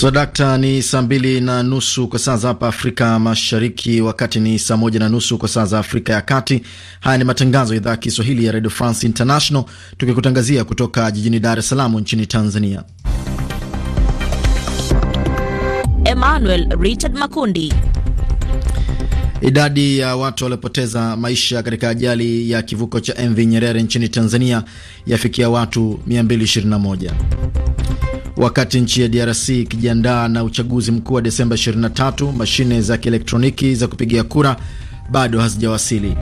So, dakta ni saa mbili na nusu kwa saa za hapa Afrika Mashariki, wakati ni saa moja na nusu kwa saa za Afrika ya Kati. Haya ni matangazo ya idhaa ya Kiswahili ya Radio France International, tukikutangazia kutoka jijini Dar es Salaam nchini Tanzania. Emmanuel Richard Makundi. Idadi ya watu waliopoteza maisha katika ajali ya kivuko cha MV Nyerere nchini Tanzania yafikia watu 221. Wakati nchi ya DRC ikijiandaa na uchaguzi mkuu wa Desemba 23, mashine za kielektroniki za kupigia kura bado hazijawasili.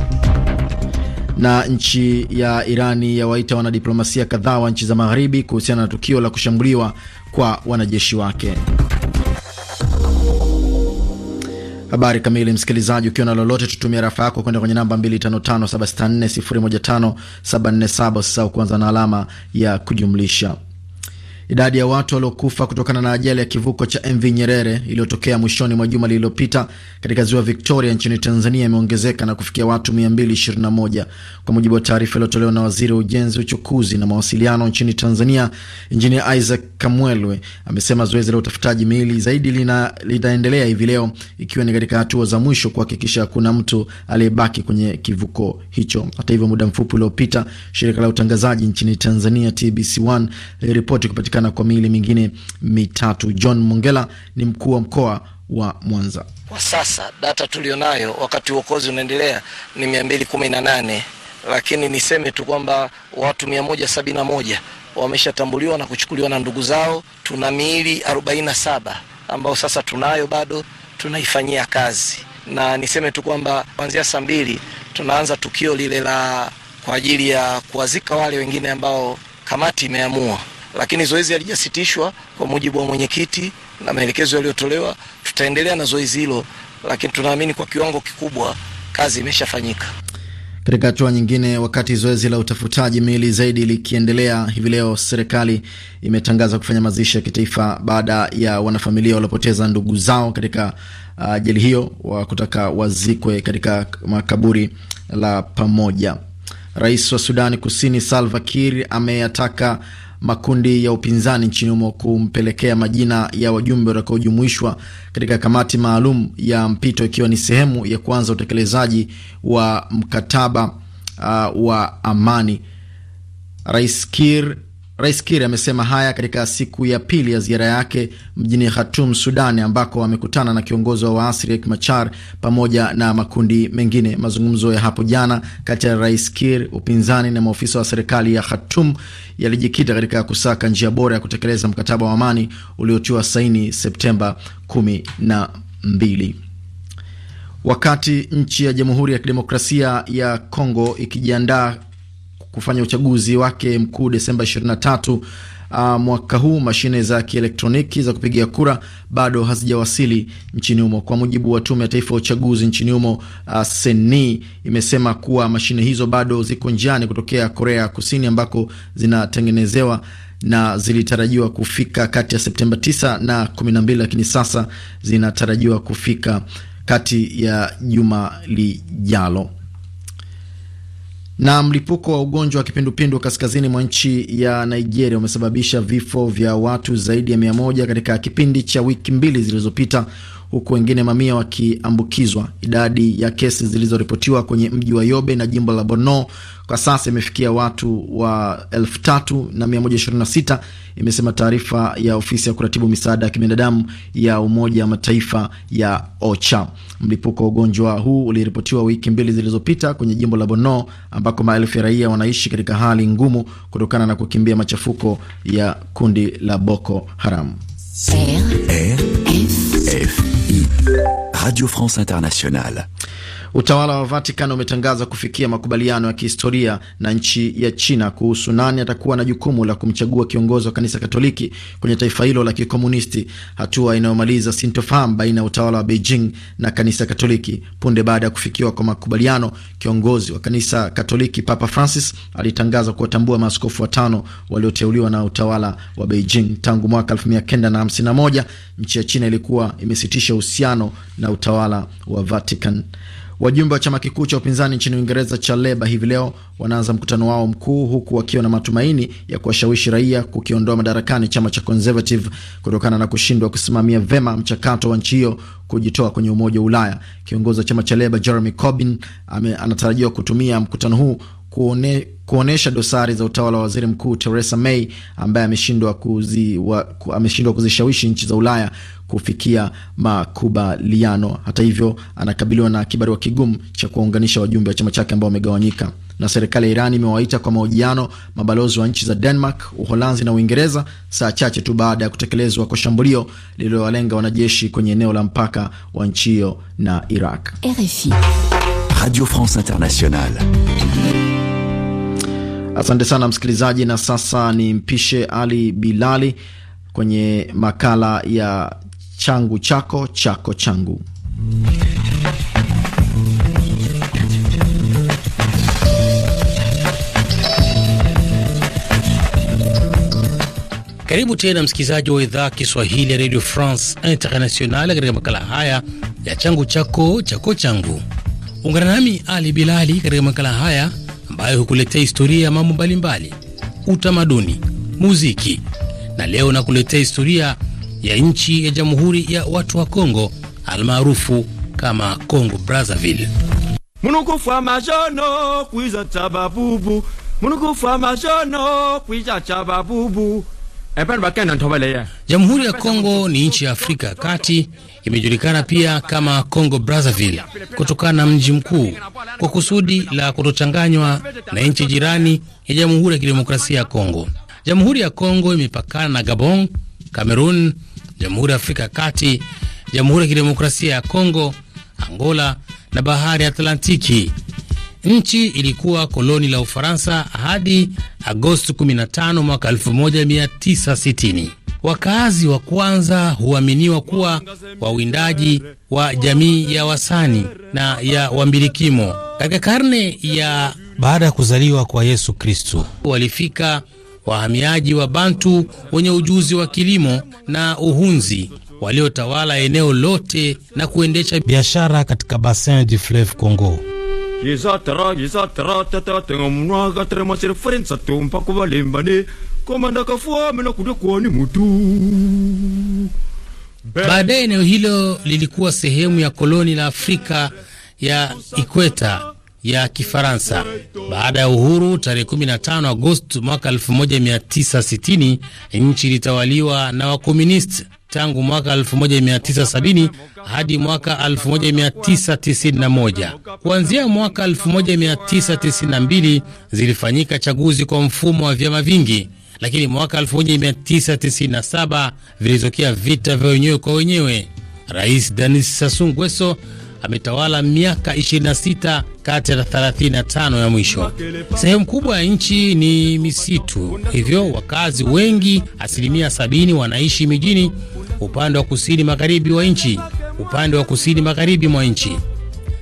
Na nchi ya Irani yawaita wanadiplomasia kadhaa wa nchi za magharibi kuhusiana na tukio la kushambuliwa kwa wanajeshi wake. Habari kamili, msikilizaji, ukiwa na lolote, tutumia rafa yako kwenda kwenye namba 255764015747 usisahau kuanza na alama ya kujumlisha. Idadi ya watu waliokufa kutokana na ajali ya kivuko cha MV Nyerere iliyotokea mwishoni mwa juma lililopita katika ziwa Victoria nchini Tanzania imeongezeka na kufikia watu 221 kwa mujibu wa taarifa iliyotolewa na waziri wa ujenzi, uchukuzi na mawasiliano nchini Tanzania, Injinia Isaac Kamwelwe amesema zoezi la utafutaji miili zaidi lina, linaendelea hivi leo ikiwa ni katika hatua za mwisho kuhakikisha hakuna mtu aliyebaki kwenye kivuko hicho. Hata hivyo, muda mfupi uliopita shirika la utangazaji nchini Tanzania TBC1 liliripoti kupatikana kupatikana kwa miili mingine mitatu. John Mongela ni mkuu wa mkoa wa Mwanza. Kwa sasa data tulionayo wakati uokozi unaendelea ni mia mbili kumi na nane lakini niseme tu kwamba watu mia moja sabini na moja wameshatambuliwa na kuchukuliwa na ndugu zao. Tuna miili arobaini na saba ambayo sasa tunayo bado tunaifanyia kazi, na niseme tu kwamba kuanzia saa mbili tunaanza tukio lile la kwa ajili ya kuwazika wale wengine ambao kamati imeamua lakini zoezi halijasitishwa kwa mujibu wa mwenyekiti na maelekezo yaliyotolewa. Tutaendelea na zoezi hilo, lakini tunaamini kwa kiwango kikubwa kazi imeshafanyika. Katika hatua nyingine, wakati zoezi la utafutaji miili zaidi likiendelea hivi leo, serikali imetangaza kufanya mazishi ya kitaifa baada ya wanafamilia waliopoteza ndugu zao katika uh, ajali uh, hiyo wa kutaka wazikwe katika makaburi la pamoja. Rais wa Sudani Kusini Salva Kiir ameyataka makundi ya upinzani nchini humo kumpelekea majina ya wajumbe watakaojumuishwa katika kamati maalum ya mpito, ikiwa ni sehemu ya kuanza utekelezaji wa mkataba uh, wa amani. Rais Kir Rais Kiri amesema haya katika siku ya pili ya ziara yake mjini Khartoum, Sudan, ambako amekutana na kiongozi wa waasi Riek Machar pamoja na makundi mengine. Mazungumzo ya hapo jana kati ya Rais kir upinzani na maofisa wa serikali ya Khartoum yalijikita katika kusaka njia bora ya kutekeleza mkataba wa amani uliotiwa saini Septemba 12. Wakati nchi ya Jamhuri ya Kidemokrasia ya Kongo ikijiandaa kufanya uchaguzi wake mkuu Desemba 23 Uh, mwaka huu mashine za kielektroniki za kupigia kura bado hazijawasili nchini humo. Kwa mujibu wa Tume ya Taifa ya Uchaguzi nchini humo, uh, seni imesema kuwa mashine hizo bado ziko njiani kutokea Korea Kusini ambako zinatengenezewa na zilitarajiwa kufika kati ya Septemba 9 na 12, lakini sasa zinatarajiwa kufika kati ya juma lijalo. Na mlipuko wa ugonjwa wa kipindupindu kaskazini mwa nchi ya Nigeria umesababisha vifo vya watu zaidi ya mia moja katika kipindi cha wiki mbili zilizopita, huku wengine mamia wakiambukizwa. Idadi ya kesi zilizoripotiwa kwenye mji wa Yobe na jimbo la Borno kwa sasa imefikia watu wa 3126 imesema taarifa ya ofisi ya kuratibu misaada ya kibinadamu ya Umoja wa Mataifa ya OCHA. Mlipuko wa ugonjwa huu uliripotiwa wiki mbili zilizopita kwenye jimbo la bono ambako maelfu ya raia wanaishi katika hali ngumu kutokana na kukimbia machafuko ya kundi la Boko Haram. Radio France Internationale Utawala wa Vatican umetangaza kufikia makubaliano ya kihistoria na nchi ya China kuhusu nani atakuwa na jukumu la kumchagua kiongozi wa kanisa Katoliki kwenye taifa hilo la kikomunisti, hatua inayomaliza sintofahamu baina ya utawala wa Beijing na kanisa Katoliki. Punde baada ya kufikiwa kwa makubaliano, kiongozi wa kanisa Katoliki Papa Francis alitangaza kuwatambua maaskofu watano walioteuliwa na utawala wa Beijing. Tangu mwaka 1951 nchi ya China ilikuwa imesitisha uhusiano na utawala wa Vatican. Wajumbe wa chama kikuu cha upinzani nchini Uingereza cha Leba hivi leo wanaanza mkutano wao mkuu huku wakiwa na matumaini ya kuwashawishi raia kukiondoa madarakani chama cha Conservative kutokana na kushindwa kusimamia vema mchakato wa nchi hiyo kujitoa kwenye Umoja wa Ulaya. Kiongozi wa chama cha Leba Jeremy Corbyn anatarajiwa kutumia mkutano huu kuone, kuonesha dosari za utawala wa waziri mkuu Theresa May ambaye ameshindwa kuzishawishi nchi za Ulaya kufikia makubaliano. Hata hivyo, anakabiliwa na kibarua kigumu cha kuwaunganisha wajumbe wa chama chake ambao wamegawanyika na serikali ya Iran imewaita kwa mahojiano mabalozi wa nchi za Denmark, Uholanzi na Uingereza saa chache tu baada ya kutekelezwa kwa shambulio lililowalenga wanajeshi kwenye eneo la mpaka wa nchi hiyo na Iraq. RFI, Radio France Internationale. Asante sana msikilizaji, na sasa ni mpishe Ali Bilali kwenye makala ya changu chako chako changu. Karibu tena msikilizaji wa idhaa Kiswahili ya Radio France Internationale katika makala haya ya changu chako chako changu. Ungana nami Ali Bilali katika makala haya ambayo hukuletea historia ya mambo mbalimbali, utamaduni, muziki, na leo nakuletea historia ya nchi ya Jamhuri ya Watu wa Kongo almaarufu kama Congo Brazzaville. Munukufa majono kwiza chababubu Munukufa majono kwiza chababubu eh, Jamhuri ya Kongo ni nchi ya Afrika ya Kati, imejulikana pia kama Congo Brazzaville kutokana na mji mkuu, kwa kusudi la kutochanganywa na nchi jirani ya Jamhuri ya Kidemokrasia ya Kongo. Jamhuri ya Kongo imepakana na Gabon, Cameroon, Jamhuri ya Afrika ya Kati, Jamhuri ya Kidemokrasia ya Kongo, Angola na Bahari ya Atlantiki. Nchi ilikuwa koloni la Ufaransa hadi Agosti 15 mwaka 1960. Wakazi wa kwanza huaminiwa kuwa wawindaji wa jamii ya Wasani na ya Wambilikimo. Katika karne ya baada ya kuzaliwa kwa Yesu Kristo walifika wahamiaji wa Bantu wenye ujuzi wa kilimo na uhunzi waliotawala eneo lote na kuendesha biashara katika Bassin du Fleuve Congo. Baadaye eneo hilo lilikuwa sehemu ya koloni la Afrika ya Ikweta ya Kifaransa baada ya uhuru tarehe 15 Agosti mwaka 1960. Nchi ilitawaliwa na wakomunisti tangu mwaka 1970 hadi mwaka 1991. Kuanzia mwaka 1992 zilifanyika chaguzi kwa mfumo wa vyama vingi, lakini mwaka 1997 vilitokea vita vya wenyewe kwa wenyewe. Rais Denis Sassou Nguesso ametawala miaka 26 kati ya 35 ya mwisho. Sehemu kubwa ya nchi ni misitu, hivyo wakazi wengi, asilimia 70, wanaishi mijini upande wa kusini magharibi wa nchi, upande wa kusini magharibi mwa nchi.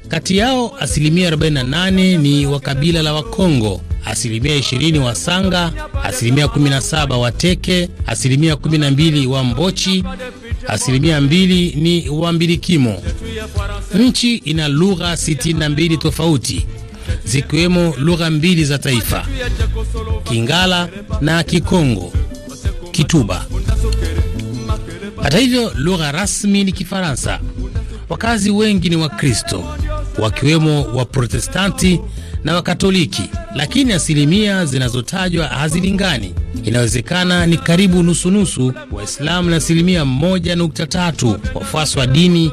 Kati yao asilimia 48 ni wa kabila la Wakongo, asilimia 20 wa sanga asilimia 17 Wateke, asilimia 12 mbochi asilimia 2 ni wa Wambilikimo. Nchi ina lugha 62 tofauti zikiwemo lugha mbili za taifa, Kingala na Kikongo Kituba. Hata hivyo, lugha rasmi ni Kifaransa. Wakazi wengi ni Wakristo wakiwemo Waprotestanti na Wakatoliki, lakini asilimia zinazotajwa hazilingani. Inawezekana ni karibu nusunusu Waislamu na asilimia 13 wafuasi wa dini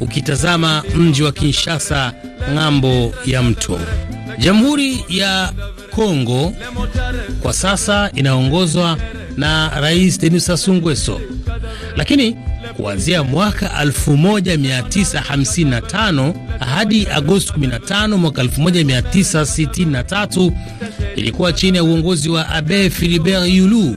ukitazama mji wa Kinshasa ng'ambo ya mto. Jamhuri ya Kongo kwa sasa inaongozwa na Rais Denis Sassou Nguesso, lakini kuanzia mwaka 1955 hadi Agosti 15 mwaka 1963 ilikuwa chini ya uongozi wa Abe Philibert Yulu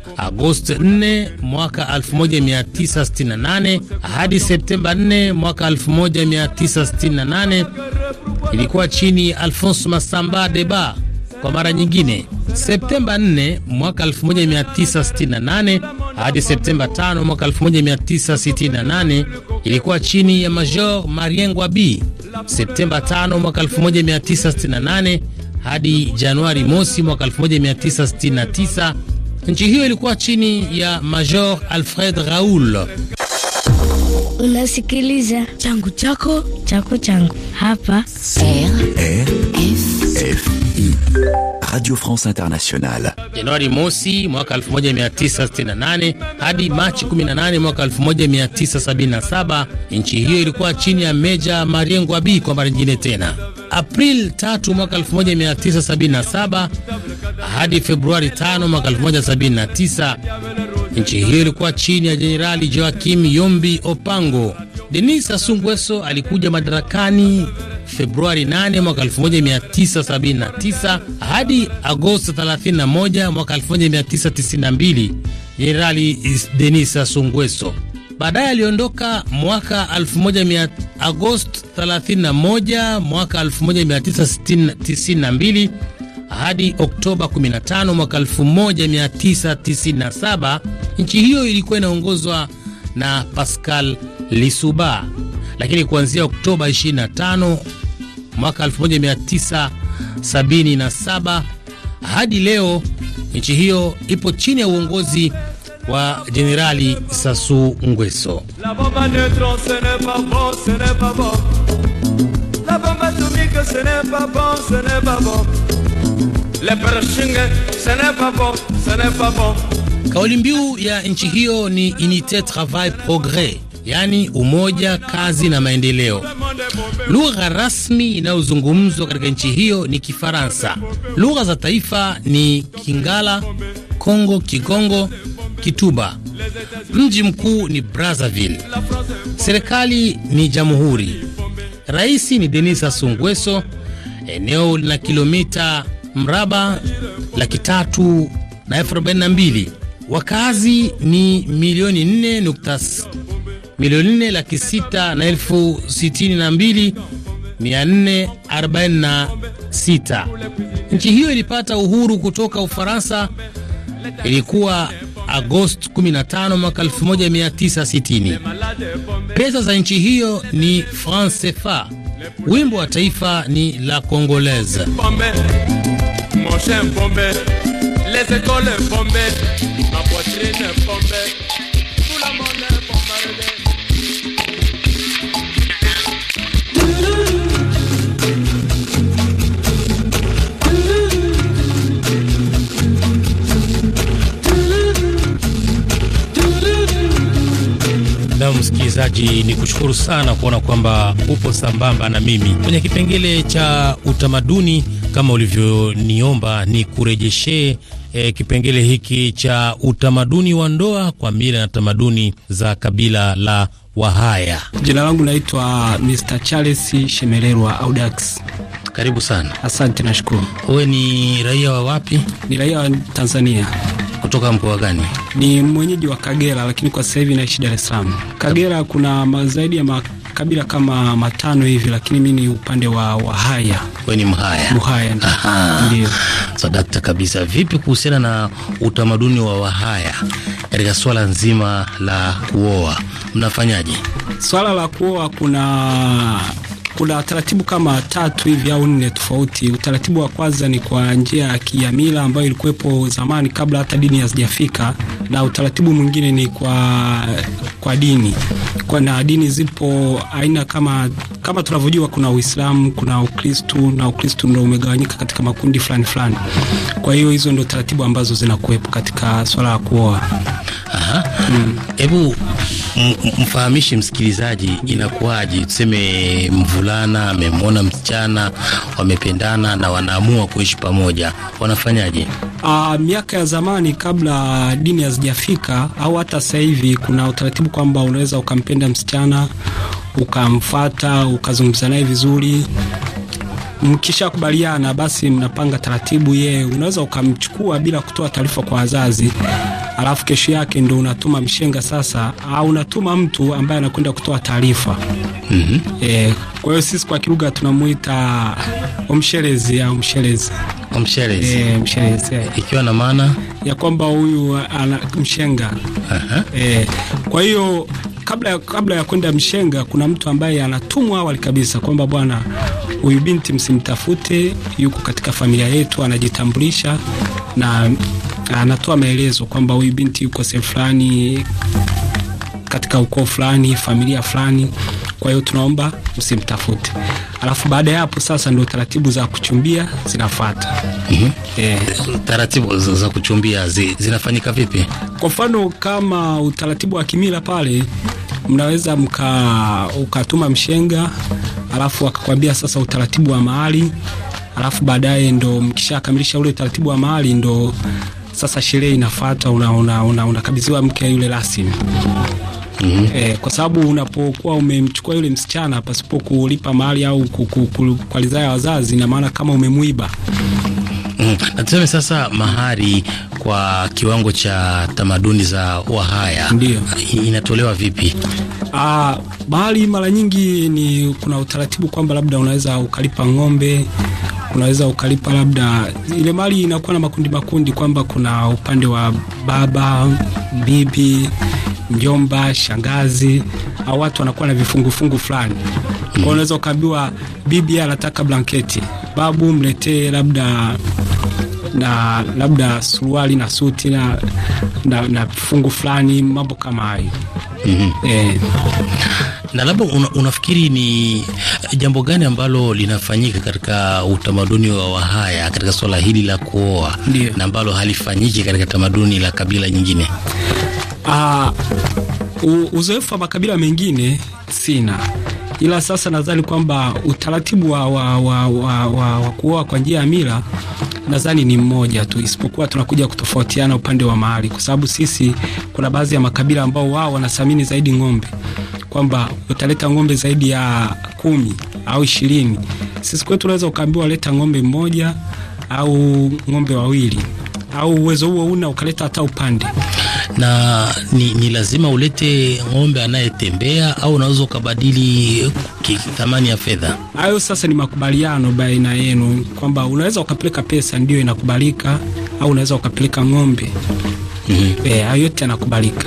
Agosti 4 mwaka 1968 hadi Septemba 4 mwaka 1968 ilikuwa chini ya Alphonse Massamba Deba kwa mara nyingine. Septemba 4 mwaka 1968 hadi Septemba 5 mwaka 1968 ilikuwa chini ya Major Marien Ngwabi. Septemba 5 mwaka 1968 hadi Januari mosi mwaka 1969 Nchi hiyo ilikuwa chini ya Major Alfred Raoul. Unasikiliza changu chako chako changu hapa RFI Radio France Internationale. Januari mosi mwaka 1968 hadi Machi 18 mwaka 1977 nchi hiyo ilikuwa chini ya Meja Mariengo Abi kwa mara nyingine tena. April 3 mwaka 1977 hadi Februari 5 mwaka 1979. Nchi hiyo ilikuwa chini ya Jenerali Joakim Yombi Opango. Denis Sassou Nguesso alikuja madarakani Februari 8 mwaka 1979 hadi Agosti 31 mwaka 1992. Jenerali Denis Sassou Nguesso baadaye aliondoka mwaka 1100 Agosti 31 mwaka 1992 hadi Oktoba 15 mwaka 1997 nchi hiyo ilikuwa inaongozwa na Pascal lisuba lakini kuanzia Oktoba 25 mwaka 1977 hadi leo nchi hiyo ipo chini ya uongozi wa Jenerali sasu ngweso Kauli mbiu ya nchi hiyo ni unite travail progres, yaani umoja, kazi na maendeleo. Lugha rasmi inayozungumzwa katika nchi hiyo ni Kifaransa. Lugha za taifa ni Kingala, Kongo, Kikongo, Kituba. Mji mkuu ni Brazzaville. Serikali ni jamhuri. Rais ni Denis Sassou Nguesso. Eneo lina kilomita mraba laki tatu na elfu arobaini na mbili wakazi ni milioni nne nukta milioni nne laki sita na elfu sitini na mbili mia nne arobaini na sita. Nchi hiyo ilipata uhuru kutoka Ufaransa, ilikuwa Agosti 15 mwaka 1960. Pesa za nchi hiyo ni franc CFA. Wimbo wa taifa ni La Congolaise prochain bombé, les écoles bombées, ma poitrine est bombée, tout le monde est bombardé. msikilizaji, ni kushukuru sana kuona kwamba upo sambamba na mimi kwenye kipengele cha utamaduni kama ulivyoniomba ni kurejeshee eh, kipengele hiki cha utamaduni wa ndoa kwa mila na tamaduni za kabila la Wahaya. Jina langu naitwa Mr. Charles Shemererwa Audax. Karibu sana. Asante nashukuru. Wewe ni raia wa wapi? Ni raia wa Tanzania. Kutoka mkoa gani? Ni mwenyeji wa Kagera, lakini kwa sasa hivi naishi Dar es Salaam. Kagera kuna zaidi ya makabila kama matano hivi, lakini mimi ni upande wa Wahaya. We ni Mhaya. Mhaya ndio sadakta kabisa. Vipi kuhusiana na utamaduni wa Wahaya katika swala nzima la kuoa, mnafanyaje swala la kuoa? Kuna kuna taratibu kama tatu hivi au nne tofauti. Utaratibu wa kwanza ni kwa njia ya kiamila ambayo ilikuwepo zamani kabla hata dini hazijafika, na utaratibu mwingine ni kwa kwa dini kwa, na dini zipo aina kama kama tunavyojua, kuna Uislamu, kuna Ukristu, na Ukristu ndio umegawanyika katika makundi fulani fulani. Kwa hiyo hizo ndio taratibu ambazo zinakuwepo katika swala la kuoa. Aha. Hebu mm mfahamishe msikilizaji inakuwaje, tuseme mvulana amemwona msichana, wamependana na wanaamua kuishi pamoja, wanafanyaje? Uh, miaka ya zamani kabla dini hazijafika au hata sasa hivi kuna utaratibu kwamba unaweza ukampenda msichana ukamfata ukazungumza naye vizuri, mkishakubaliana basi mnapanga taratibu. Yeye unaweza ukamchukua bila kutoa taarifa kwa wazazi alafu kesho yake ndo unatuma mshenga sasa, au unatuma mtu ambaye anakwenda kutoa taarifa mm -hmm. E, kwa hiyo sisi kwa kilugha tunamuita omsherezi au msherezi Mshelezi. e, eh. ikiwa na maana ya kwamba huyu ana mshenga e, kwa hiyo kabla, kabla ya kwenda mshenga kuna mtu ambaye anatumwa awali kabisa kwamba bwana, huyu binti msimtafute, yuko katika familia yetu, anajitambulisha na anatoa maelezo kwamba huyu binti yuko sehemu fulani katika ukoo fulani, familia fulani, kwa hiyo tunaomba msimtafute. Alafu baada ya hapo sasa ndio taratibu za kuchumbia zinafuata. mm -hmm. Yeah. Taratibu za kuchumbia zi, zinafanyika vipi? Kwa mfano kama utaratibu wa kimila pale, mnaweza mka ukatuma mshenga, alafu akakwambia sasa utaratibu wa mahali, alafu baadaye ndo mkishakamilisha ule utaratibu wa mahali ndo sasa sherehe inafuata, unakabidhiwa una, una, una mke yule rasmi. Mm -hmm. Eh, kwa sababu unapokuwa umemchukua yule msichana pasipo kulipa mahali au kwa ridhaa ya wazazi, na maana kama umemwiba. Mm -hmm. Na tuseme sasa mahari kwa kiwango cha tamaduni za Wahaya Ndiyo. inatolewa vipi? Ah, mahari mara nyingi ni kuna utaratibu kwamba labda unaweza ukalipa ng'ombe unaweza ukalipa labda, ile mali inakuwa na makundi makundi, kwamba kuna upande wa baba, bibi, mjomba, shangazi, au watu wanakuwa na vifungufungu fulani. Kwa unaweza ukaambiwa bibi anataka blanketi, babu mletee labda na labda suruali na suti na na, na fungu fulani, mambo kama hayo mm -hmm. eh. Na labda una, unafikiri ni jambo gani ambalo linafanyika katika utamaduni wa Wahaya katika swala hili la kuoa na ambalo halifanyiki katika tamaduni la kabila nyingine? Uh, uzoefu wa makabila mengine sina, ila sasa nadhani kwamba utaratibu wa, wa, wa, wa, wa, wa kuoa kwa njia ya mila nadhani ni mmoja tu, isipokuwa tunakuja kutofautiana upande wa mahali, kwa sababu sisi kuna baadhi ya makabila ambao wao wanathamini zaidi ng'ombe kwamba utaleta ng'ombe zaidi ya kumi au ishirini, sisi kwetu unaweza ukaambiwa leta ng'ombe mmoja au ng'ombe wawili au uwezo huo una ukaleta hata upande na ni, ni lazima ulete ng'ombe anayetembea au unaweza ukabadili thamani ya fedha. Hayo sasa ni makubaliano baina yenu kwamba unaweza ukapeleka pesa, ndiyo inakubalika, au unaweza ukapeleka ng'ombe. mm -hmm. E, hayo yote yanakubalika.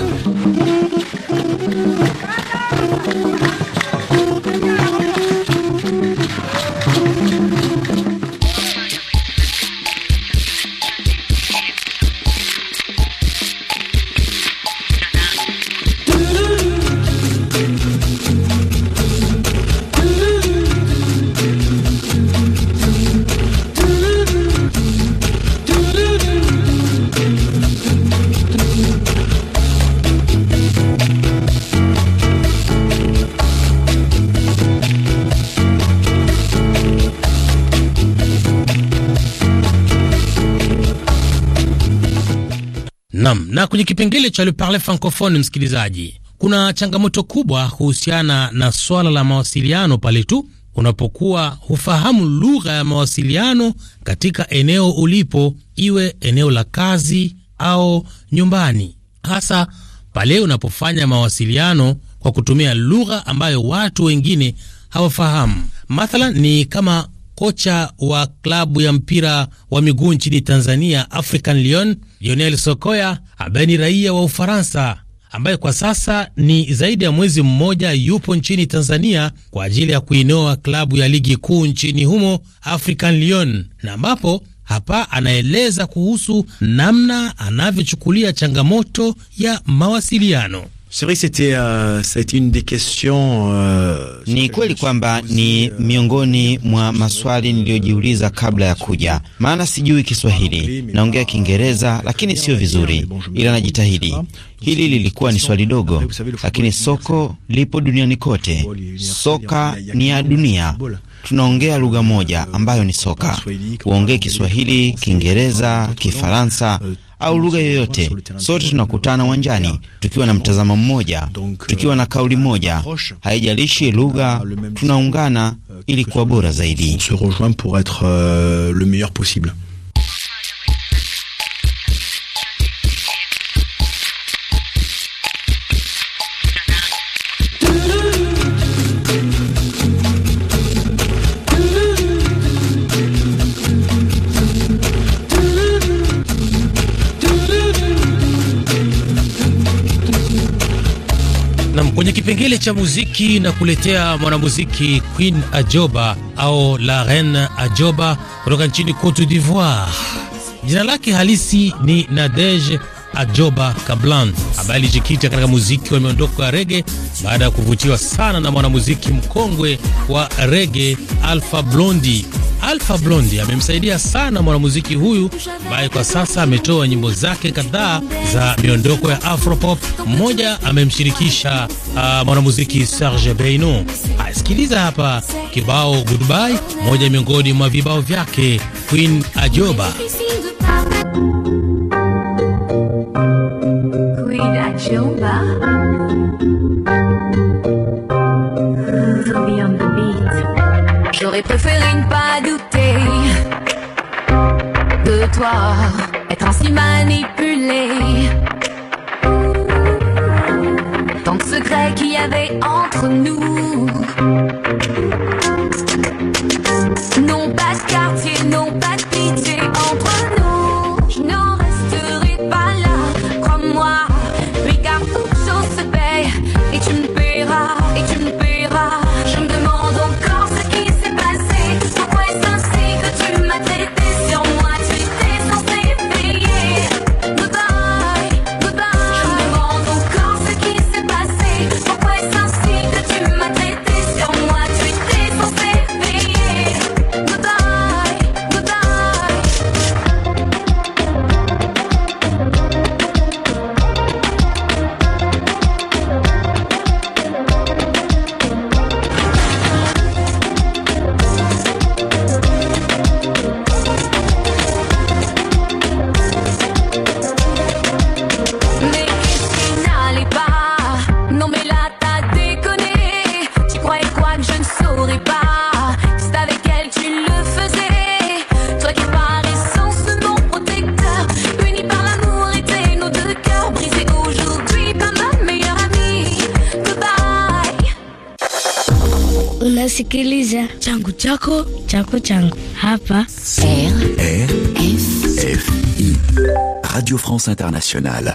Nam. Na kwenye kipengele cha Leparle Francophone, msikilizaji, kuna changamoto kubwa kuhusiana na swala la mawasiliano pale tu unapokuwa hufahamu lugha ya mawasiliano katika eneo ulipo, iwe eneo la kazi au nyumbani, hasa pale unapofanya mawasiliano kwa kutumia lugha ambayo watu wengine hawafahamu. Mathalan ni kama kocha wa klabu ya mpira wa miguu nchini Tanzania African Lyon Lionel Sokoya ambaye ni raia wa Ufaransa ambaye kwa sasa ni zaidi ya mwezi mmoja yupo nchini Tanzania kwa ajili ya kuinoa klabu ya ligi kuu nchini humo African Lyon, na ambapo hapa anaeleza kuhusu namna anavyochukulia changamoto ya mawasiliano. C'est vrai que c'était, uh, ça a été une des questions, uh, ni kweli kwamba ni euh, miongoni mwa maswali niliyojiuliza kabla ya kuja, maana sijui Kiswahili, naongea Kiingereza lakini sio vizuri, ila najitahidi. Hili lilikuwa ni swali dogo, lakini soko lipo duniani kote. Soka ni ya dunia, tunaongea lugha moja euh, ambayo ni soka. Uongee Kiswahili, Kiingereza, Kifaransa euh, au lugha yoyote, sote tunakutana uwanjani tukiwa na mtazamo mmoja, tukiwa na kauli moja, haijalishi lugha, tunaungana ili kuwa bora zaidi. Kwenye kipengele cha muziki na kuletea mwanamuziki Queen Ajoba au La Reine Ajoba kutoka nchini Cote d'Ivoire. Jina lake halisi ni Nadege Ajoba Kablan ambaye alijikita katika muziki wa miondoko ya rege baada ya kuvutiwa sana na mwanamuziki mkongwe wa rege Alpha Blondy Alpha blondi amemsaidia sana mwanamuziki huyu ambaye kwa sasa ametoa nyimbo zake kadhaa za miondoko ya Afropop. Mmoja amemshirikisha uh, mwanamuziki Serge Beynou. Asikiliza hapa kibao Goodbye, moja miongoni mwa vibao vyake Queen Ajoba. Queen Ajoba. être ainsi manipulé. Tant de secrets qu'il y avait entre nous. Non, pas de quartier. Unasikiliza changu chako chako changu hapa RFI Radio France Internationale.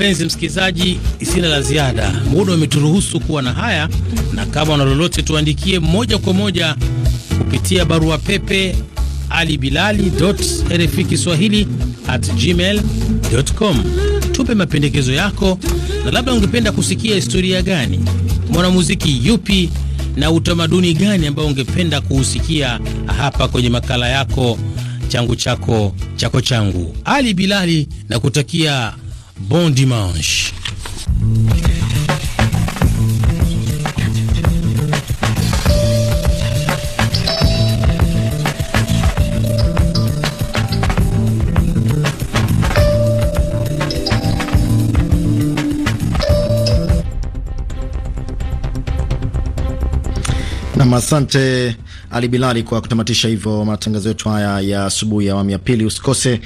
mpenzi msikilizaji, sina la ziada, muda umeturuhusu kuwa na haya, na kama una lolote tuandikie moja kwa moja kupitia barua pepe ali bilali rfi kiswahili at gmail com. Tupe mapendekezo yako, na labda ungependa kusikia historia gani, mwanamuziki yupi na utamaduni gani ambao ungependa kuusikia hapa kwenye makala yako changu chako chako changu. Ali Bilali na kutakia Bon dimanche. Nam, asante Ali Bilali kwa kutamatisha hivyo matangazo yetu haya ya asubuhi ya awamu ya pili. Usikose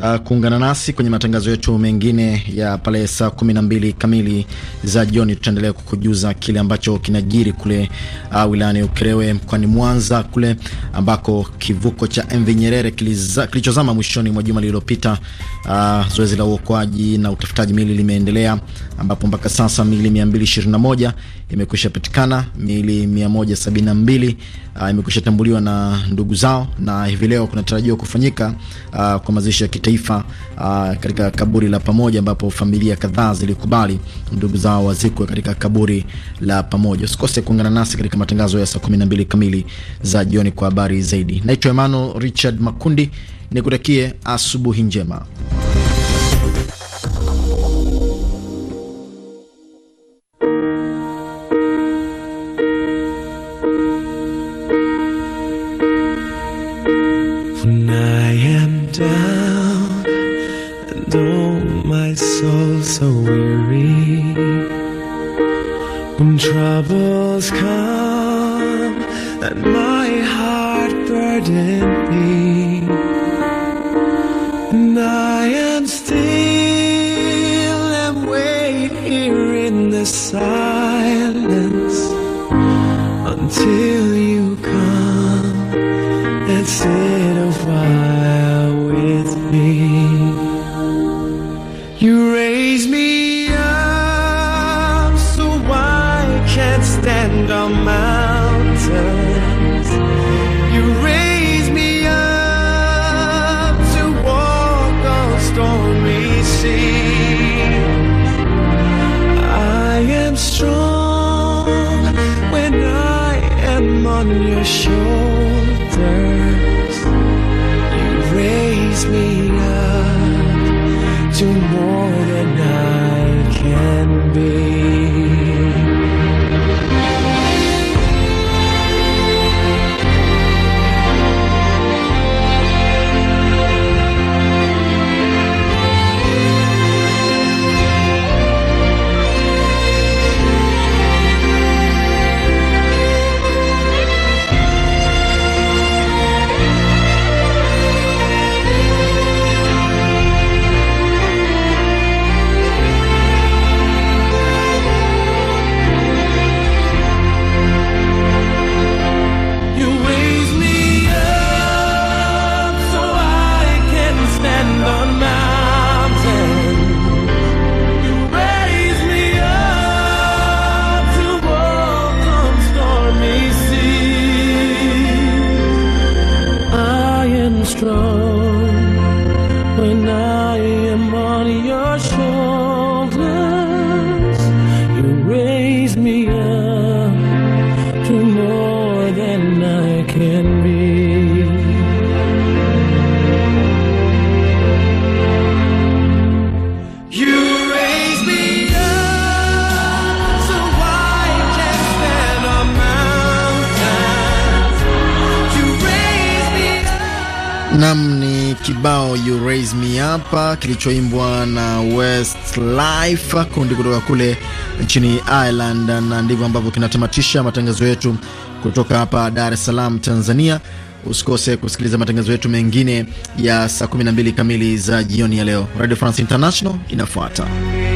uh, kuungana nasi kwenye matangazo yetu mengine ya pale saa kumi na mbili kamili za jioni. Tutaendelea kukujuza kile ambacho kinajiri kule uh, wilayani Ukerewe mkoani Mwanza kule ambako kivuko cha MV Nyerere kilichozama mwishoni mwa juma lililopita. Uh, zoezi la uokoaji na utafutaji mili limeendelea ambapo mpaka sasa mili 221 imekwisha patikana, mili 172 uh, imekwisha tambuliwa na ndugu zao na hivi leo kunatarajiwa kufanyika uh, kwa mazishi ya kitaifa Taifa uh, katika kaburi la pamoja ambapo familia kadhaa zilikubali ndugu zao wazikwe katika kaburi la pamoja. Usikose kuungana nasi katika matangazo ya saa 12 kamili za jioni kwa habari zaidi. Naitwa Emmanuel Richard Makundi, nikutakie asubuhi njema. know my soul so weary when troubles come and my heart burdens me and I am still and wait here in the silence until you come and say kilichoimbwa na Westlife, kundi kutoka kule nchini Ireland, na ndivyo ambavyo kinatamatisha matangazo yetu kutoka hapa Dar es Salaam, Tanzania. Usikose kusikiliza matangazo yetu mengine ya saa 12 kamili za jioni ya leo. Radio France International inafuata.